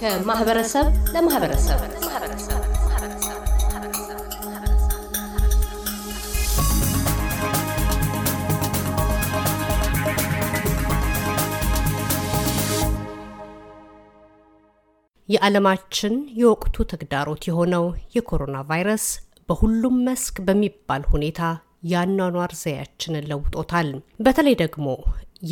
ከማህበረሰብ ለማህበረሰብ የዓለማችን የወቅቱ ተግዳሮት የሆነው የኮሮና ቫይረስ በሁሉም መስክ በሚባል ሁኔታ የአኗኗር ዘያችንን ለውጦታል። በተለይ ደግሞ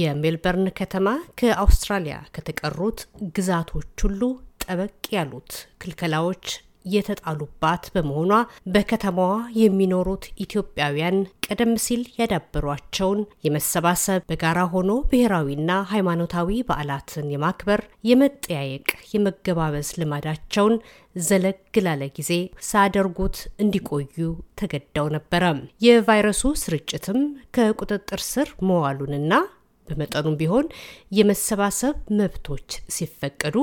የሜልበርን ከተማ ከአውስትራሊያ ከተቀሩት ግዛቶች ሁሉ ጠበቅ ያሉት ክልከላዎች የተጣሉባት በመሆኗ በከተማዋ የሚኖሩት ኢትዮጵያውያን ቀደም ሲል ያዳበሯቸውን የመሰባሰብ በጋራ ሆኖ ብሔራዊና ሃይማኖታዊ በዓላትን የማክበር፣ የመጠያየቅ፣ የመገባበዝ ልማዳቸውን ዘለግ ላለ ጊዜ ሳያደርጉት እንዲቆዩ ተገደው ነበረ። የቫይረሱ ስርጭትም ከቁጥጥር ስር መዋሉንና በመጠኑም ቢሆን የመሰባሰብ መብቶች ሲፈቀዱ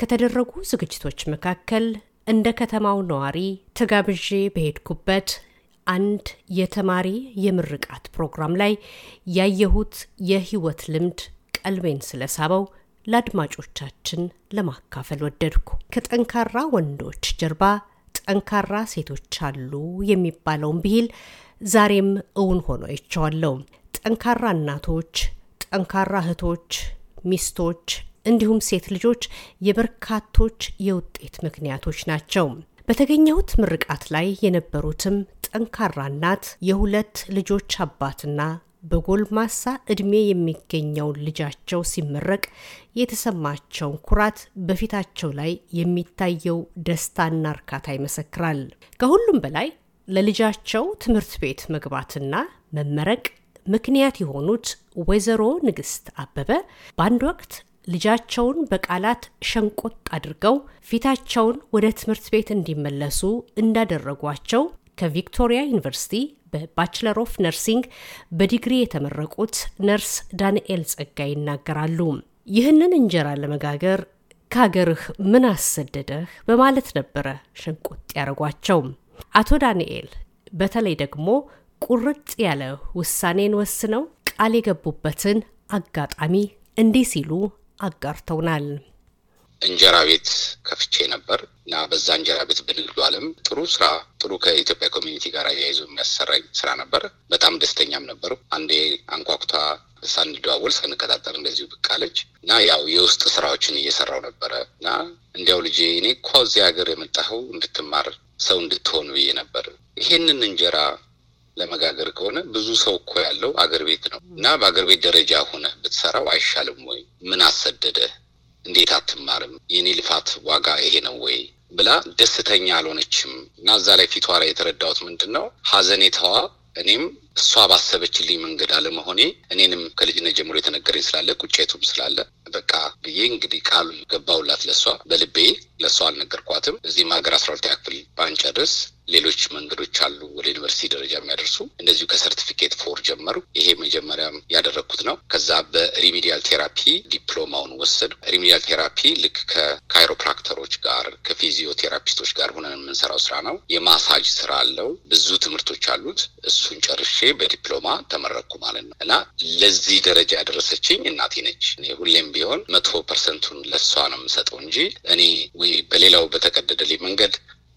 ከተደረጉ ዝግጅቶች መካከል እንደ ከተማው ነዋሪ ተጋብዤ በሄድኩበት አንድ የተማሪ የምርቃት ፕሮግራም ላይ ያየሁት የህይወት ልምድ ቀልቤን ስለሳበው ለአድማጮቻችን ለማካፈል ወደድኩ። ከጠንካራ ወንዶች ጀርባ ጠንካራ ሴቶች አሉ የሚባለውን ብሂል ዛሬም እውን ሆኖ አይቼዋለሁ። ጠንካራ እናቶች፣ ጠንካራ እህቶች፣ ሚስቶች፣ እንዲሁም ሴት ልጆች የበርካቶች የውጤት ምክንያቶች ናቸው። በተገኘሁት ምርቃት ላይ የነበሩትም ጠንካራ እናት፣ የሁለት ልጆች አባትና በጎልማሳ እድሜ የሚገኘውን ልጃቸው ሲመረቅ የተሰማቸውን ኩራት በፊታቸው ላይ የሚታየው ደስታና እርካታ ይመሰክራል። ከሁሉም በላይ ለልጃቸው ትምህርት ቤት መግባትና መመረቅ ምክንያት የሆኑት ወይዘሮ ንግስት አበበ በአንድ ወቅት ልጃቸውን በቃላት ሸንቆጥ አድርገው ፊታቸውን ወደ ትምህርት ቤት እንዲመለሱ እንዳደረጓቸው ከቪክቶሪያ ዩኒቨርሲቲ በባችለር ኦፍ ነርሲንግ በዲግሪ የተመረቁት ነርስ ዳንኤል ጸጋ ይናገራሉ። ይህንን እንጀራ ለመጋገር ከሀገርህ ምን አሰደደህ በማለት ነበረ ሸንቆጥ ያደረጓቸው አቶ ዳንኤል በተለይ ደግሞ ቁርጥ ያለ ውሳኔን ወስነው ቃል የገቡበትን አጋጣሚ እንዲህ ሲሉ አጋርተውናል። እንጀራ ቤት ከፍቼ ነበር እና በዛ እንጀራ ቤት በንግዱ ዓለም ጥሩ ስራ ጥሩ ከኢትዮጵያ ኮሚኒቲ ጋር አያይዞ የሚያሰራኝ ስራ ነበር። በጣም ደስተኛም ነበሩ። አንዴ አንኳኩታ ሳንደዋወል ሳንቀጣጠር እንደዚሁ ብቅ አለች እና ያው የውስጥ ስራዎችን እየሰራው ነበረ እና እንዲያው ልጅ እኔ እኮ እዚህ ሀገር የመጣኸው እንድትማር ሰው እንድትሆን ብዬ ነበር። ይሄንን እንጀራ ለመጋገር ከሆነ ብዙ ሰው እኮ ያለው አገር ቤት ነው እና በአገር ቤት ደረጃ ሆነ ብትሰራው አይሻልም ወይ ምን አሰደደ እንዴት አትማርም? የኔ ልፋት ዋጋ ይሄ ነው ወይ ብላ ደስተኛ አልሆነችም። እና እዛ ላይ ፊቷ ላይ የተረዳሁት ምንድን ነው ሀዘኔታዋ እኔም እሷ ባሰበችልኝ መንገድ አለመሆኔ እኔንም ከልጅነት ጀምሮ የተነገረኝ ስላለ ቁጭቱም ስላለ በቃ ብዬ እንግዲህ ቃሉ ገባውላት ለእሷ በልቤ ለእሷ አልነገርኳትም። እዚህም ሀገር አስራ ሁለት ያክፍል ባንጨርስ ሌሎች መንገዶች አሉ ወደ ዩኒቨርሲቲ ደረጃ የሚያደርሱ እንደዚሁ ከሰርቲፊኬት ፎር ጀመሩ። ይሄ መጀመሪያም ያደረግኩት ነው። ከዛ በሪሚዲያል ቴራፒ ዲፕሎማውን ወሰድ። ሪሚዲያል ቴራፒ ልክ ከካይሮፕራክተሮች ጋር ከፊዚዮቴራፒስቶች ጋር ሆነን የምንሰራው ስራ ነው። የማሳጅ ስራ አለው። ብዙ ትምህርቶች አሉት። እሱን ጨርሼ በዲፕሎማ ተመረኩ ማለት ነው እና ለዚህ ደረጃ ያደረሰችኝ እናቴ ነች። ሁሌም ቢሆን መቶ ፐርሰንቱን ለሷ ነው የምሰጠው እንጂ እኔ ወይ በሌላው በተቀደደልኝ መንገድ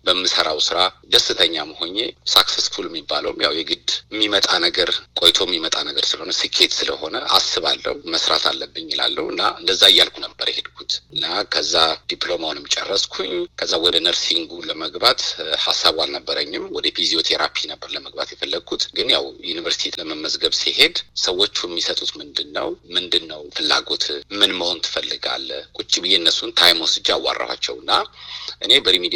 በምሰራው ስራ ደስተኛም መሆኜ ሳክሰስፉል የሚባለውም ያው የግድ የሚመጣ ነገር ቆይቶ የሚመጣ ነገር ስለሆነ ስኬት ስለሆነ አስባለሁ፣ መስራት አለብኝ ይላለሁ እና እንደዛ እያልኩ ነበር የሄድኩት እና ከዛ ዲፕሎማውንም ጨረስኩኝ። ከዛ ወደ ነርሲንጉ ለመግባት ሀሳቡ አልነበረኝም። ወደ ፊዚዮቴራፒ ነበር ለመግባት የፈለግኩት። ግን ያው ዩኒቨርሲቲ ለመመዝገብ ሲሄድ ሰዎቹ የሚሰጡት ምንድን ነው ምንድን ነው ፍላጎት ምን መሆን ትፈልጋለ ቁጭ ብዬ እነሱን ታይም ወስጄ አዋራኋቸው እና እኔ በሪሚዲያል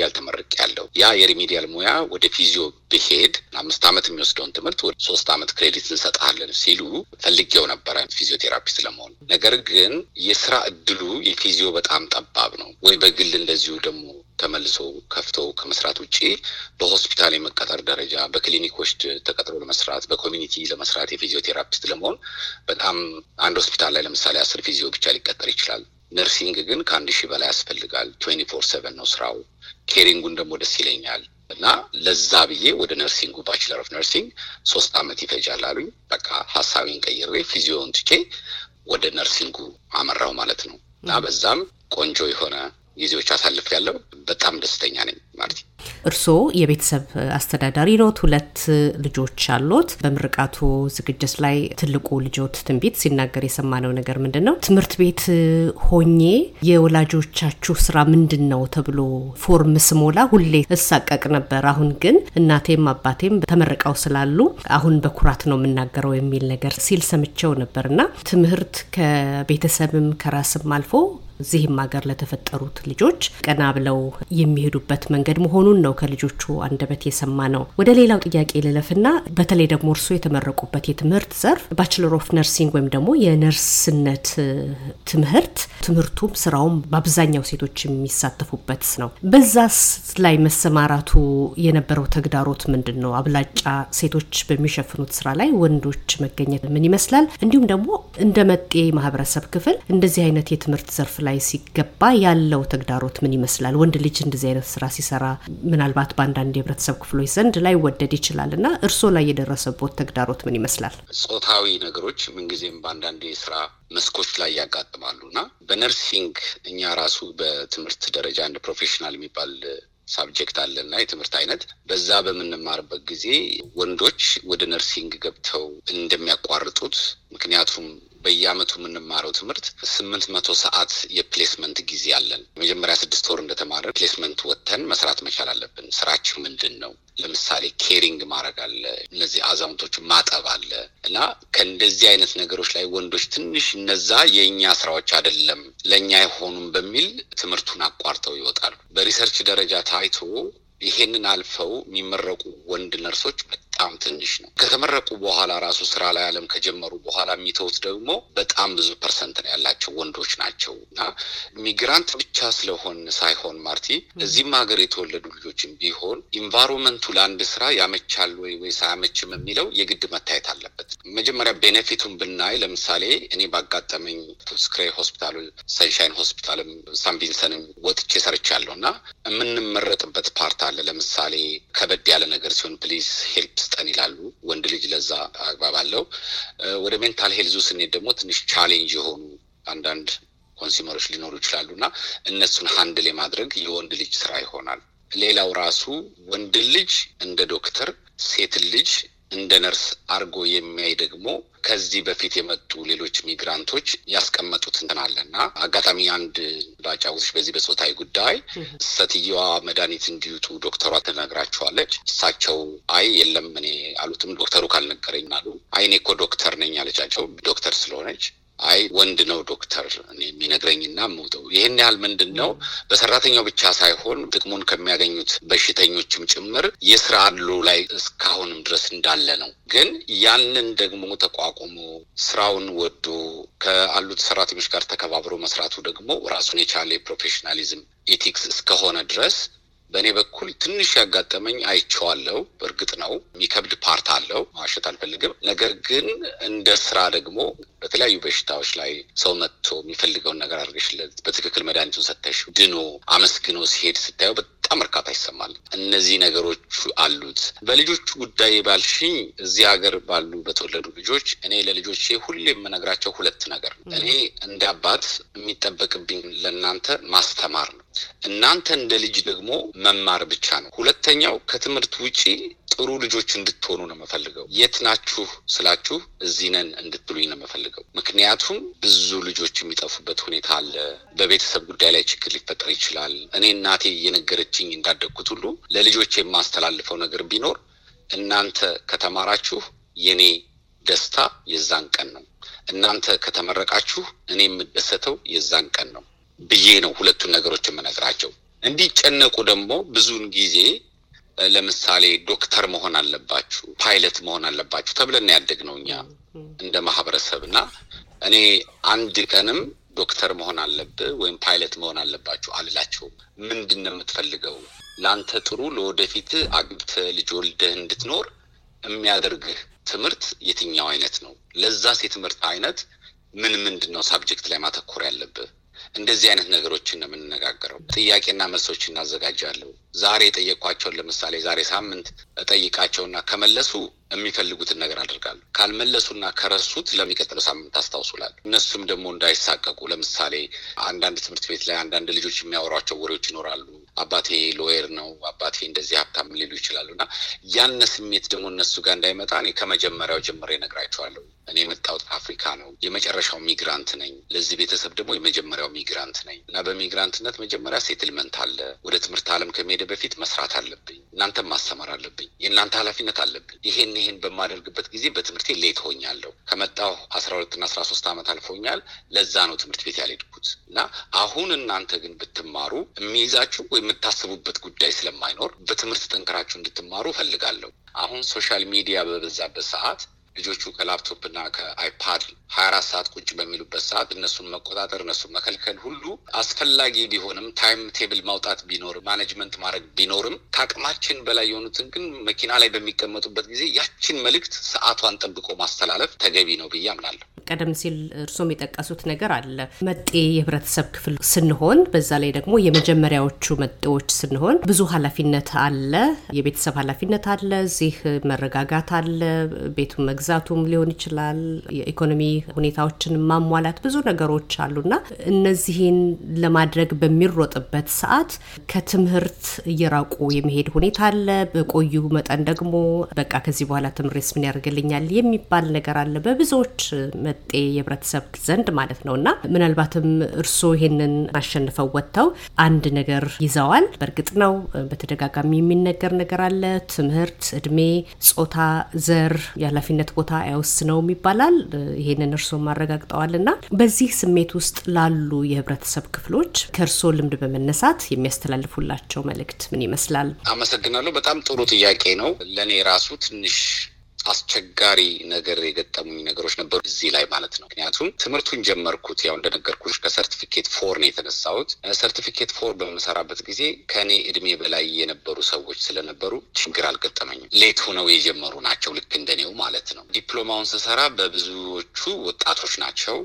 ያለ የምንለው ያ የሪሚዲያል ሙያ ወደ ፊዚዮ ብሄድ አምስት ዓመት የሚወስደውን ትምህርት ወደ ሶስት ዓመት ክሬዲት እንሰጥሃለን ሲሉ ፈልጌው ነበረ ፊዚዮቴራፒስት ለመሆን። ነገር ግን የስራ እድሉ የፊዚዮ በጣም ጠባብ ነው። ወይ በግል እንደዚሁ ደግሞ ተመልሶ ከፍቶ ከመስራት ውጭ በሆስፒታል የመቀጠር ደረጃ በክሊኒኮች ተቀጥሮ ለመስራት በኮሚኒቲ ለመስራት የፊዚዮቴራፒስት ለመሆን በጣም አንድ ሆስፒታል ላይ ለምሳሌ አስር ፊዚዮ ብቻ ሊቀጠር ይችላል። ነርሲንግ ግን ከአንድ ሺህ በላይ ያስፈልጋል። ትዌንቲ ፎር ሰቨን ነው ስራው። ኬሪንጉን ደግሞ ደስ ይለኛል እና ለዛ ብዬ ወደ ነርሲንጉ ባችለር ኦፍ ነርሲንግ ሶስት አመት ይፈጃል አሉኝ። በቃ ሀሳቢን ቀይሬ ፊዚዮን ትቼ ወደ ነርሲንጉ አመራው ማለት ነው እና በዛም ቆንጆ የሆነ ጊዜዎች አሳልፍ ያለው በጣም ደስተኛ ነኝ። ማለት እርስዎ የቤተሰብ አስተዳዳሪ ኖት፣ ሁለት ልጆች አሉት። በምርቃቱ ዝግጅት ላይ ትልቁ ልጆት ትንቢት ሲናገር የሰማነው ነገር ምንድን ነው? ትምህርት ቤት ሆኜ የወላጆቻችሁ ስራ ምንድን ነው ተብሎ ፎርም ስሞላ ሁሌ እሳቀቅ ነበር። አሁን ግን እናቴም አባቴም ተመርቀው ስላሉ አሁን በኩራት ነው የምናገረው የሚል ነገር ሲል ነበር። ነበርና ትምህርት ከቤተሰብም ከራስም አልፎ እዚህም ሀገር ለተፈጠሩት ልጆች ቀና ብለው የሚሄዱበት መንገድ መሆኑን ነው ከልጆቹ አንደበት የሰማ ነው። ወደ ሌላው ጥያቄ ልለፍና በተለይ ደግሞ እርሱ የተመረቁበት የትምህርት ዘርፍ ባችለር ኦፍ ነርሲንግ ወይም ደግሞ የነርስነት ትምህርት ትምህርቱም ስራውም በአብዛኛው ሴቶች የሚሳተፉበት ነው። በዛስ ላይ መሰማራቱ የነበረው ተግዳሮት ምንድን ነው? አብላጫ ሴቶች በሚሸፍኑት ስራ ላይ ወንዶች መገኘት ምን ይመስላል? እንዲሁም ደግሞ እንደ መጤ ማህበረሰብ ክፍል እንደዚህ አይነት የትምህርት ዘርፍ ላይ ላይ ሲገባ ያለው ተግዳሮት ምን ይመስላል? ወንድ ልጅ እንደዚህ አይነት ስራ ሲሰራ ምናልባት በአንዳንድ የህብረተሰብ ክፍሎች ዘንድ ላይ ወደድ ይችላል እና እርስዎ ላይ የደረሰቦት ተግዳሮት ምን ይመስላል? ጾታዊ ነገሮች ምንጊዜም በአንዳንድ የስራ መስኮች ላይ ያጋጥማሉ እና በነርሲንግ እኛ ራሱ በትምህርት ደረጃ አንድ ፕሮፌሽናል የሚባል ሳብጀክት አለና የትምህርት አይነት በዛ በምንማርበት ጊዜ ወንዶች ወደ ነርሲንግ ገብተው እንደሚያቋርጡት ምክንያቱም በየአመቱ የምንማረው ትምህርት ስምንት መቶ ሰዓት የፕሌስመንት ጊዜ አለን። መጀመሪያ ስድስት ወር እንደተማረ ፕሌስመንት ወጥተን መስራት መቻል አለብን። ስራችሁ ምንድን ነው? ለምሳሌ ኬሪንግ ማድረግ አለ፣ እነዚህ አዛውንቶች ማጠብ አለ እና ከእንደዚህ አይነት ነገሮች ላይ ወንዶች ትንሽ እነዛ የእኛ ስራዎች አይደለም ለእኛ አይሆኑም በሚል ትምህርቱን አቋርጠው ይወጣሉ። በሪሰርች ደረጃ ታይቶ ይሄንን አልፈው የሚመረቁ ወንድ ነርሶች በጣም ትንሽ ነው። ከተመረቁ በኋላ ራሱ ስራ ላይ አለም ከጀመሩ በኋላ የሚተውት ደግሞ በጣም ብዙ ፐርሰንት ነው ያላቸው ወንዶች ናቸው። እና ሚግራንት ብቻ ስለሆን ሳይሆን ማርቲ እዚህም ሀገር የተወለዱ ልጆችን ቢሆን ኢንቫይሮመንቱ ለአንድ ስራ ያመቻል ወይ ወይ አያመችም የሚለው የግድ መታየት አለበት። መጀመሪያ ቤኔፊቱን ብናይ ለምሳሌ እኔ ባጋጠመኝ ስክሬ ሆስፒታል፣ ሰንሻይን ሆስፒታልም ሳን ቪንሰንም ወጥቼ ሰርቻለሁ እና የምንመረጥበት ፓርት አለ። ለምሳሌ ከበድ ያለ ነገር ሲሆን ፕሊስ ሄልፕ መስጠን ይላሉ። ወንድ ልጅ ለዛ አግባብ አለው። ወደ ሜንታል ሄልዙ ስንሄድ ደግሞ ትንሽ ቻሌንጅ የሆኑ አንዳንድ ኮንሱመሮች ሊኖሩ ይችላሉ እና እነሱን ሀንድል የማድረግ የወንድ ልጅ ስራ ይሆናል። ሌላው ራሱ ወንድ ልጅ እንደ ዶክተር ሴትን ልጅ እንደ ነርስ አርጎ የሚያይ ደግሞ ከዚህ በፊት የመጡ ሌሎች ሚግራንቶች ያስቀመጡት እንትን አለና አጋጣሚ አንድ ዳጫውሽ በዚህ በፆታዊ ጉዳይ ሴትየዋ መድኃኒት እንዲውጡ ዶክተሯ ትነግራቸዋለች። እሳቸው አይ የለም እኔ አሉትም ዶክተሩ ካልነገረኝ አሉ። አይ እኔ እኮ ዶክተር ነኝ አለቻቸው። ዶክተር ስለሆነች አይ ወንድ ነው ዶክተር የሚነግረኝና ምውጠው ይህን ያህል ምንድን ነው በሰራተኛው ብቻ ሳይሆን ጥቅሙን ከሚያገኙት በሽተኞችም ጭምር የስራ አሉ ላይ እስካሁንም ድረስ እንዳለ ነው። ግን ያንን ደግሞ ተቋቁሞ ስራውን ወዶ ከአሉት ሰራተኞች ጋር ተከባብሮ መስራቱ ደግሞ ራሱን የቻለ የፕሮፌሽናሊዝም ኢቲክስ እስከሆነ ድረስ በእኔ በኩል ትንሽ ያጋጠመኝ አይቼዋለሁ። በእርግጥ ነው የሚከብድ ፓርት አለው፣ ማሸት አልፈልግም። ነገር ግን እንደ ስራ ደግሞ በተለያዩ በሽታዎች ላይ ሰው መጥቶ የሚፈልገውን ነገር አድርገሽለት በትክክል መድኃኒቱን ሰተሽ ድኖ አመስግኖ ሲሄድ ስታየው በጣም እርካታ ይሰማል። እነዚህ ነገሮች አሉት። በልጆቹ ጉዳይ ባልሽኝ እዚህ ሀገር ባሉ በተወለዱ ልጆች እኔ ለልጆቼ ሁሌ የምነግራቸው ሁለት ነገር እኔ እንደ አባት የሚጠበቅብኝ ለእናንተ ማስተማር ነው እናንተ እንደ ልጅ ደግሞ መማር ብቻ ነው። ሁለተኛው ከትምህርት ውጪ ጥሩ ልጆች እንድትሆኑ ነው የምፈልገው። የት ናችሁ ስላችሁ እዚህ ነን እንድትሉኝ ነው የምፈልገው። ምክንያቱም ብዙ ልጆች የሚጠፉበት ሁኔታ አለ። በቤተሰብ ጉዳይ ላይ ችግር ሊፈጠር ይችላል። እኔ እናቴ እየነገረችኝ እንዳደግኩት ሁሉ ለልጆች የማስተላልፈው ነገር ቢኖር እናንተ ከተማራችሁ የኔ ደስታ የዛን ቀን ነው። እናንተ ከተመረቃችሁ እኔ የምደሰተው የዛን ቀን ነው። ብዬ ነው ሁለቱን ነገሮች የምነግራቸው። እንዲጨነቁ ደግሞ ብዙውን ጊዜ ለምሳሌ ዶክተር መሆን አለባችሁ፣ ፓይለት መሆን አለባችሁ ተብለን ያደግ ነው እኛ እንደ ማህበረሰብ እና እኔ አንድ ቀንም ዶክተር መሆን አለብህ ወይም ፓይለት መሆን አለባችሁ አልላቸውም። ምንድን ነው የምትፈልገው? ለአንተ ጥሩ ለወደፊት አግብተ ልጅ ወልደህ እንድትኖር የሚያደርግህ ትምህርት የትኛው አይነት ነው? ለዛስ የትምህርት አይነት ምን ምንድን ነው? ሳብጀክት ላይ ማተኮር ያለብህ እንደዚህ አይነት ነገሮችን ነው የምንነጋገረው። ጥያቄና መልሶች እናዘጋጃለሁ። ዛሬ የጠየቅኳቸውን ለምሳሌ ዛሬ ሳምንት እጠይቃቸውና ከመለሱ የሚፈልጉትን ነገር አድርጋሉ። ካልመለሱና ከረሱት ለሚቀጥለው ሳምንት አስታውሱላል። እነሱም ደግሞ እንዳይሳቀቁ ለምሳሌ አንዳንድ ትምህርት ቤት ላይ አንዳንድ ልጆች የሚያወሯቸው ወሬዎች ይኖራሉ። አባቴ ሎየር ነው፣ አባቴ እንደዚህ ሀብታም ሊሉ ይችላሉ። እና ያነ ስሜት ደግሞ እነሱ ጋር እንዳይመጣ እኔ ከመጀመሪያው ጀምሬ እነግራቸዋለሁ። እኔ የመጣሁት አፍሪካ ነው፣ የመጨረሻው ሚግራንት ነኝ። ለዚህ ቤተሰብ ደግሞ የመጀመሪያው ሚግራንት ነኝ እና በሚግራንትነት መጀመሪያ ሴትልመንት አለ። ወደ ትምህርት አለም ከመሄደ በፊት መስራት አለብኝ እናንተም ማስተማር አለብኝ። የእናንተ ኃላፊነት አለብኝ። ይሄን ይሄን በማደርግበት ጊዜ በትምህርቴ ሌት ሆኛለሁ። ከመጣሁ አስራ ሁለትና አስራ ሶስት ዓመት አልፎኛል። ለዛ ነው ትምህርት ቤት ያልሄድኩት እና አሁን እናንተ ግን ብትማሩ የሚይዛችሁ ወይ የምታስቡበት ጉዳይ ስለማይኖር በትምህርት ጠንክራችሁ እንድትማሩ እፈልጋለሁ። አሁን ሶሻል ሚዲያ በበዛበት ሰዓት ልጆቹ ከላፕቶፕና ከአይፓድ ሀያ አራት ሰዓት ቁጭ በሚሉበት ሰዓት እነሱን መቆጣጠር እነሱን መከልከል ሁሉ አስፈላጊ ቢሆንም ታይም ቴብል ማውጣት ቢኖርም ማኔጅመንት ማድረግ ቢኖርም ከአቅማችን በላይ የሆኑትን ግን መኪና ላይ በሚቀመጡበት ጊዜ ያችን መልእክት ሰዓቷን ጠብቆ ማስተላለፍ ተገቢ ነው ብዬ አምናለሁ። ቀደም ሲል እርሶም የጠቀሱት ነገር አለ። መጤ የህብረተሰብ ክፍል ስንሆን በዛ ላይ ደግሞ የመጀመሪያዎቹ መጤዎች ስንሆን ብዙ ኃላፊነት አለ። የቤተሰብ ኃላፊነት አለ። እዚህ መረጋጋት አለ። ቤቱን መግዛት መግዛቱም ሊሆን ይችላል። የኢኮኖሚ ሁኔታዎችን ማሟላት ብዙ ነገሮች አሉና እነዚህን ለማድረግ በሚሮጥበት ሰዓት ከትምህርት እየራቁ የመሄድ ሁኔታ አለ። በቆዩ መጠን ደግሞ በቃ ከዚህ በኋላ ትምህርት ምን ያደርግልኛል የሚባል ነገር አለ በብዙዎች መጤ የህብረተሰብ ዘንድ ማለት ነው። እና ምናልባትም እርስዎ ይህንን አሸንፈው ወጥተው አንድ ነገር ይዘዋል። በእርግጥ ነው በተደጋጋሚ የሚነገር ነገር አለ። ትምህርት፣ እድሜ፣ ጾታ፣ ዘር፣ የኃላፊነት ቦታ አይወስነውም ይባላል። ይሄንን እርስዎም አረጋግጠዋል። በዚህ ስሜት ውስጥ ላሉ የህብረተሰብ ክፍሎች ከእርስዎ ልምድ በመነሳት የሚያስተላልፉላቸው መልእክት ምን ይመስላል? አመሰግናለሁ። በጣም ጥሩ ጥያቄ ነው። ለእኔ ራሱ ትንሽ አስቸጋሪ ነገር የገጠሙኝ ነገሮች ነበሩ እዚህ ላይ ማለት ነው። ምክንያቱም ትምህርቱን ጀመርኩት ያው እንደነገርኩሽ ከሰርቲፊኬት ፎር ነው የተነሳሁት። ሰርቲፊኬት ፎር በምሰራበት ጊዜ ከእኔ እድሜ በላይ የነበሩ ሰዎች ስለነበሩ ችግር አልገጠመኝም። ሌት ሆነው የጀመሩ ናቸው ልክ እንደ ማለት ነው። ዲፕሎማውን ስሰራ በብዙዎቹ ወጣቶች ናቸው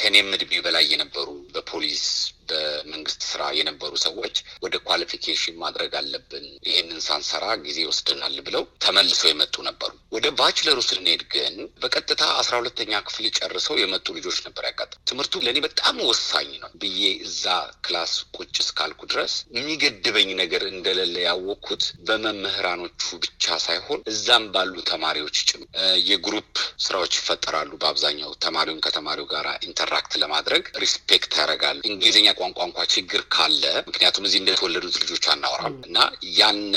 ከእኔም እድሜ በላይ የነበሩ በፖሊስ በመንግስት ስራ የነበሩ ሰዎች ወደ ኳሊፊኬሽን ማድረግ አለብን፣ ይህንን ሳንሰራ ጊዜ ይወስድናል ብለው ተመልሰው የመጡ ነበሩ። ወደ ባችለሩ ስንሄድ ግን በቀጥታ አስራ ሁለተኛ ክፍል ጨርሰው የመጡ ልጆች ነበር ያጋጠ ትምህርቱ ለእኔ በጣም ወሳኝ ነው ብዬ እዛ ክላስ ቁጭ እስካልኩ ድረስ የሚገድበኝ ነገር እንደሌለ ያወቅኩት በመምህራኖቹ ብቻ ሳይሆን እዛም ባሉ ተማሪዎች ጭም የግሩፕ ስራዎች ይፈጠራሉ። በአብዛኛው ተማሪውን ከተማሪው ጋር ኢንተራክት ለማድረግ ሪስፔክት ያደርጋል። እንግሊዝኛ ቋንቋ እንኳ ችግር ካለ ምክንያቱም እዚህ እንደተወለዱት ልጆች አናወራም እና ያነ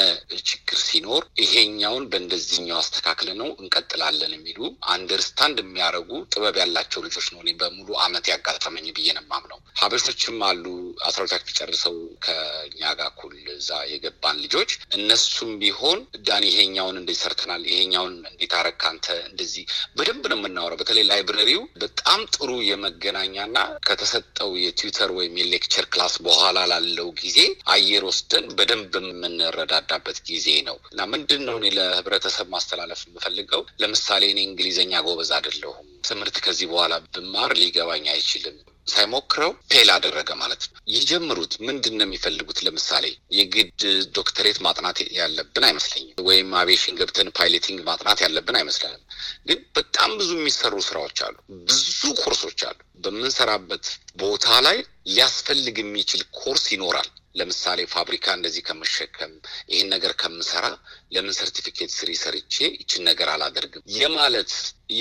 ችግር ሲኖር ይሄኛውን በእንደዚህኛው አስተካክለ ነው እንቀጥላለን የሚሉ አንደርስታንድ የሚያደርጉ ጥበብ ያላቸው ልጆች ነው። እኔ በሙሉ አመት ያጋጠመኝ ብዬ ነማም ነው ሀበሾችም አሉ አስራ ሁለታችሁ ጨርሰው ከኛ ጋር እኩል እዛ የገባን ልጆች እነሱም ቢሆን ዳን ይሄኛውን እንዴት ሰርተናል፣ ይሄኛውን እንዴት አረካ አንተ እንደዚህ በደንብ ነው የምናወራው። በተለይ ላይብረሪው በጣም ጥሩ የመገናኛና ከተሰጠው የትዊተር ወይም የሌክቸር ክላስ በኋላ ላለው ጊዜ አየር ወስደን በደንብ የምንረዳዳበት ጊዜ ነው እና ምንድን ነው እኔ ለህብረተሰብ ማስተላለፍ የምፈልገው ለምሳሌ እኔ እንግሊዝኛ ጎበዝ አይደለሁም። ትምህርት ከዚህ በኋላ ብማር ሊገባኝ አይችልም። ሳይሞክረው ፌል አደረገ ማለት ነው። ይጀምሩት። ምንድን ነው የሚፈልጉት? ለምሳሌ የግድ ዶክተሬት ማጥናት ያለብን አይመስለኝም፣ ወይም አቬሽን ገብተን ፓይለቲንግ ማጥናት ያለብን አይመስለንም። ግን በጣም ብዙ የሚሰሩ ስራዎች አሉ፣ ብዙ ኮርሶች አሉ። በምንሰራበት ቦታ ላይ ሊያስፈልግ የሚችል ኮርስ ይኖራል። ለምሳሌ ፋብሪካ እንደዚህ ከመሸከም ይህን ነገር ከምሰራ ለምን ሰርቲፊኬት ስሪ ሰርቼ ይችን ነገር አላደርግም የማለት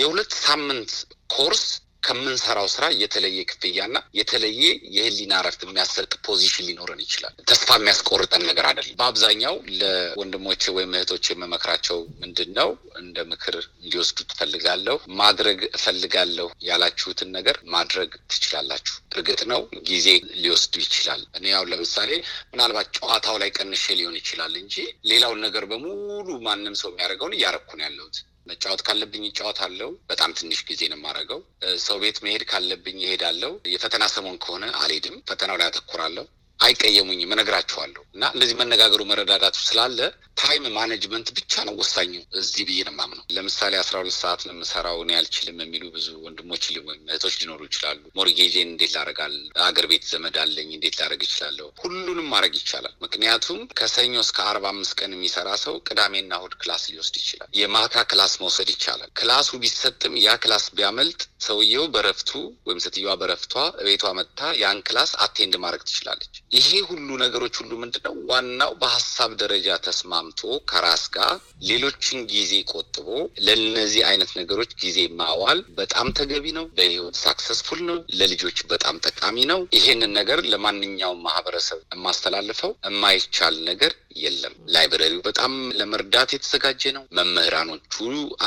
የሁለት ሳምንት ኮርስ ከምንሰራው ስራ የተለየ ክፍያና የተለየ የህሊና ረፍት የሚያሰጥ ፖዚሽን ሊኖረን ይችላል። ተስፋ የሚያስቆርጠን ነገር አይደለም። በአብዛኛው ለወንድሞቼ ወይም እህቶች የምመክራቸው ምንድን ነው እንደ ምክር እንዲወስዱ ትፈልጋለሁ። ማድረግ እፈልጋለሁ ያላችሁትን ነገር ማድረግ ትችላላችሁ። እርግጥ ነው ጊዜ ሊወስዱ ይችላል። እኔ ያው ለምሳሌ ምናልባት ጨዋታው ላይ ቀንሼ ሊሆን ይችላል እንጂ ሌላውን ነገር በሙሉ ማንም ሰው የሚያደርገውን እያረኩ ነው ያለሁት። መጫወት ካለብኝ እጫወታለሁ። በጣም ትንሽ ጊዜ ነው የማደርገው። ሰው ቤት መሄድ ካለብኝ እሄዳለሁ። የፈተና ሰሞን ከሆነ አልሄድም። ፈተናው ላይ አተኩራለሁ። አይቀየሙኝም እነግራችኋለሁ። እና እንደዚህ መነጋገሩ መረዳዳቱ ስላለ ታይም ማኔጅመንት ብቻ ነው ወሳኙ እዚህ ብዬ ነው የማምነው። ለምሳሌ አስራ ሁለት ሰዓት ለምሰራው የምሰራው እኔ አልችልም የሚሉ ብዙ ወንድሞች ወይም እህቶች ሊኖሩ ይችላሉ። ሞርጌጄን እንዴት ላደርጋል? አገር ቤት ዘመድ አለኝ እንዴት ላደርግ ይችላለሁ? ሁሉንም ማድረግ ይቻላል። ምክንያቱም ከሰኞ እስከ አርባ አምስት ቀን የሚሰራ ሰው ቅዳሜና እሑድ ክላስ ሊወስድ ይችላል። የማታ ክላስ መውሰድ ይቻላል። ክላሱ ቢሰጥም ያ ክላስ ቢያመልጥ ሰውየው በረፍቱ ወይም ሴትዮዋ በረፍቷ ቤቷ መጥታ ያን ክላስ አቴንድ ማድረግ ትችላለች። ይሄ ሁሉ ነገሮች ሁሉ ምንድነው ዋናው በሀሳብ ደረጃ ተስማምቶ ከራስ ጋር ሌሎችን ጊዜ ቆጥቦ ለነዚህ አይነት ነገሮች ጊዜ ማዋል በጣም ተገቢ ነው። በህይወት ሳክሰስፉል ነው፣ ለልጆች በጣም ጠቃሚ ነው። ይሄንን ነገር ለማንኛውም ማህበረሰብ የማስተላልፈው የማይቻል ነገር የለም። ላይብረሪው በጣም ለመርዳት የተዘጋጀ ነው። መምህራኖቹ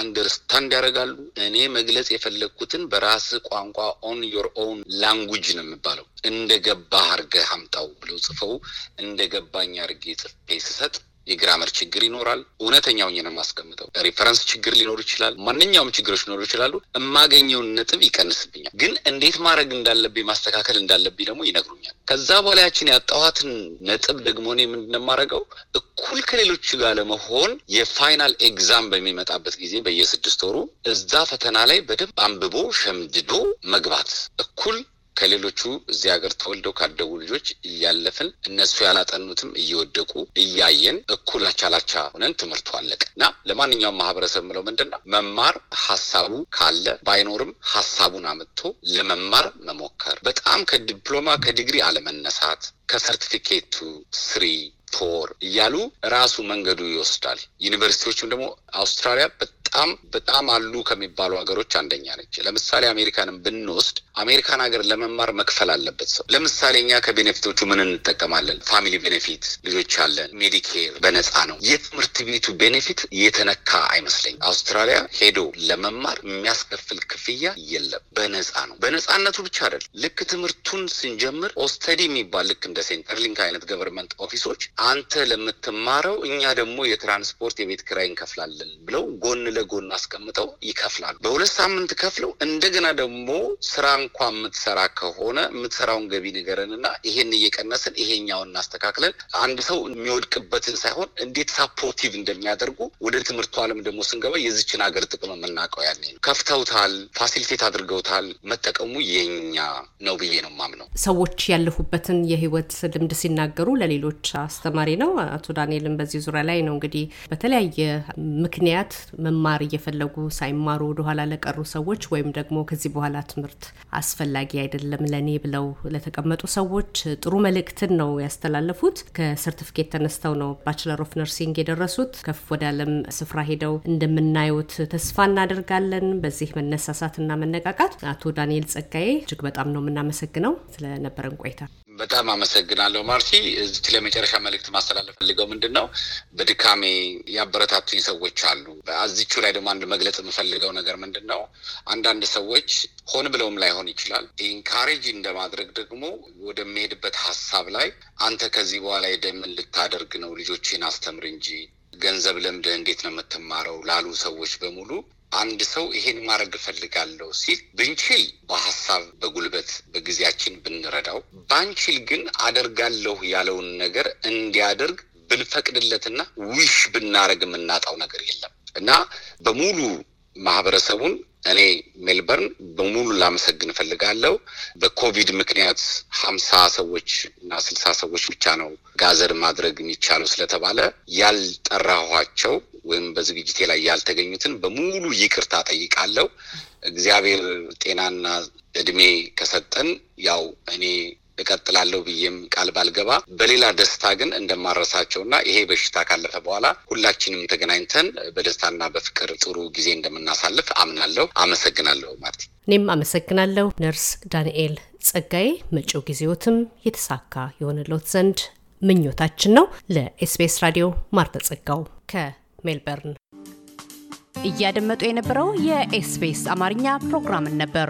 አንደርስታንድ ያደርጋሉ። እኔ መግለጽ የፈለግኩትን በራስ ቋንቋ ኦን ዮር ኦውን ላንጉጅ ነው የሚባለው። እንደ ገባህ አድርገህ አምጣው ብለው ጽፈው እንደ ገባኝ አድርጌ ጽፌ ስሰጥ የግራመር ችግር ይኖራል። እውነተኛውን ነው የማስቀምጠው። ሪፈረንስ ችግር ሊኖር ይችላል። ማንኛውም ችግሮች ሊኖሩ ይችላሉ። የማገኘውን ነጥብ ይቀንስብኛል። ግን እንዴት ማድረግ እንዳለብኝ ማስተካከል እንዳለብኝ ደግሞ ይነግሩኛል። ከዛ በኋላ ያችን ያጣኋትን ነጥብ ደግሞ እኔ ምንድን የማደርገው እኩል ከሌሎች ጋር ለመሆን የፋይናል ኤግዛም በሚመጣበት ጊዜ በየስድስት ወሩ እዛ ፈተና ላይ በደንብ አንብቦ ሸምድዶ መግባት እኩል ከሌሎቹ እዚህ ሀገር ተወልደው ካደጉ ልጆች እያለፍን እነሱ ያላጠኑትም እየወደቁ እያየን እኩል አቻላቻ ሆነን ትምህርቱ አለቀ እና ለማንኛውም ማህበረሰብ ምለው ምንድን ነው መማር ሀሳቡ ካለ ባይኖርም ሀሳቡን አምጥቶ ለመማር መሞከር በጣም ከዲፕሎማ ከዲግሪ አለመነሳት ከሰርቲፊኬቱ ስሪ ቶር እያሉ ራሱ መንገዱ ይወስዳል። ዩኒቨርሲቲዎችም ደግሞ አውስትራሊያ በጣም በጣም አሉ ከሚባሉ ሀገሮች አንደኛ ነች። ለምሳሌ አሜሪካንም ብንወስድ አሜሪካን ሀገር ለመማር መክፈል አለበት ሰው። ለምሳሌ እኛ ከቤኔፊቶቹ ምን እንጠቀማለን? ፋሚሊ ቤኔፊት፣ ልጆች አለን፣ ሜዲኬር በነፃ ነው። የትምህርት ቤቱ ቤኔፊት የተነካ አይመስለኝም። አውስትራሊያ ሄዶ ለመማር የሚያስከፍል ክፍያ የለም፣ በነፃ ነው። በነፃነቱ ብቻ አይደል፣ ልክ ትምህርቱን ስንጀምር ኦስተዲ የሚባል ልክ እንደ ሴንተርሊንክ አይነት ገቨርንመንት ኦፊሶች አንተ ለምትማረው እኛ ደግሞ የትራንስፖርት የቤት ክራይ እንከፍላለን ብለው ጎን ለጎን አስቀምጠው ይከፍላሉ። በሁለት ሳምንት ከፍለው እንደገና ደግሞ ስራ እንኳ የምትሰራ ከሆነ የምትሰራውን ገቢ ንገረንና ይሄን እየቀነስን ይሄኛውን እናስተካክለን። አንድ ሰው የሚወድቅበትን ሳይሆን እንዴት ሳፖርቲቭ እንደሚያደርጉ ወደ ትምህርቱ ዓለም ደግሞ ስንገባ የዚችን ሀገር ጥቅም የምናውቀው ያኔ ነው። ከፍተውታል፣ ፋሲሊቴት አድርገውታል። መጠቀሙ የኛ ነው ብዬ ነው ማምነው። ሰዎች ያለፉበትን የህይወት ልምድ ሲናገሩ ለሌሎች አስተማሪ ነው። አቶ ዳንኤልም በዚህ ዙሪያ ላይ ነው እንግዲህ በተለያየ ምክንያት መማር እየፈለጉ ሳይማሩ ወደኋላ ለቀሩ ሰዎች ወይም ደግሞ ከዚህ በኋላ ትምህርት አስፈላጊ አይደለም ለእኔ ብለው ለተቀመጡ ሰዎች ጥሩ መልእክትን ነው ያስተላለፉት። ከሰርቲፊኬት ተነስተው ነው ባችለር ኦፍ ነርሲንግ የደረሱት። ከፍ ወዳለም ስፍራ ሄደው እንደምናዩት ተስፋ እናደርጋለን። በዚህ መነሳሳትና መነቃቃት አቶ ዳንኤል ጸጋዬ እጅግ በጣም ነው የምናመሰግነው ስለነበረን ቆይታ። በጣም አመሰግናለሁ ማርሲ። እዚህ ለመጨረሻ መልእክት ማስተላለፍ ፈልገው ምንድን ነው በድካሜ ያበረታቱኝ ሰዎች አሉ። እዚቹ ላይ ደግሞ አንድ መግለጽ የምፈልገው ነገር ምንድን ነው አንዳንድ ሰዎች ሆን ብለውም ላይሆን ይችላል። ኢንካሬጅ እንደማድረግ ደግሞ ወደሚሄድበት ሀሳብ ላይ አንተ ከዚህ በኋላ የደምን ልታደርግ ነው ልጆችን አስተምር እንጂ ገንዘብ ለምደህ እንዴት ነው የምትማረው ላሉ ሰዎች በሙሉ አንድ ሰው ይሄን ማድረግ እፈልጋለሁ ሲል ብንችል በሀሳብ በጉልበት በጊዜያችን ብንረዳው፣ ባንችል ግን አደርጋለሁ ያለውን ነገር እንዲያደርግ ብንፈቅድለትና ዊሽ ብናደረግ የምናጣው ነገር የለም እና በሙሉ ማህበረሰቡን እኔ ሜልበርን በሙሉ ላመሰግን እፈልጋለሁ። በኮቪድ ምክንያት ሀምሳ ሰዎች እና ስልሳ ሰዎች ብቻ ነው ጋዘር ማድረግ የሚቻለው ስለተባለ ያልጠራኋቸው ወይም በዝግጅቴ ላይ ያልተገኙትን በሙሉ ይቅርታ ጠይቃለሁ። እግዚአብሔር ጤናና እድሜ ከሰጠን ያው እኔ እቀጥላለሁ ብዬም ቃል ባልገባ በሌላ ደስታ ግን እንደማረሳቸው ይሄ በሽታ ካለፈ በኋላ ሁላችንም ተገናኝተን በደስታና በፍቅር ጥሩ ጊዜ እንደምናሳልፍ አምናለሁ። አመሰግናለሁ ማርቲ። እኔም አመሰግናለሁ ነርስ ዳንኤል ጸጋዬ። መጪው ጊዜዎትም የተሳካ የሆነለት ዘንድ ምኞታችን ነው። ለኤስቢኤስ ራዲዮ ማርተ ጸጋው ከሜልበርን እያደመጡ የነበረው የኤስቢኤስ አማርኛ ፕሮግራምን ነበር።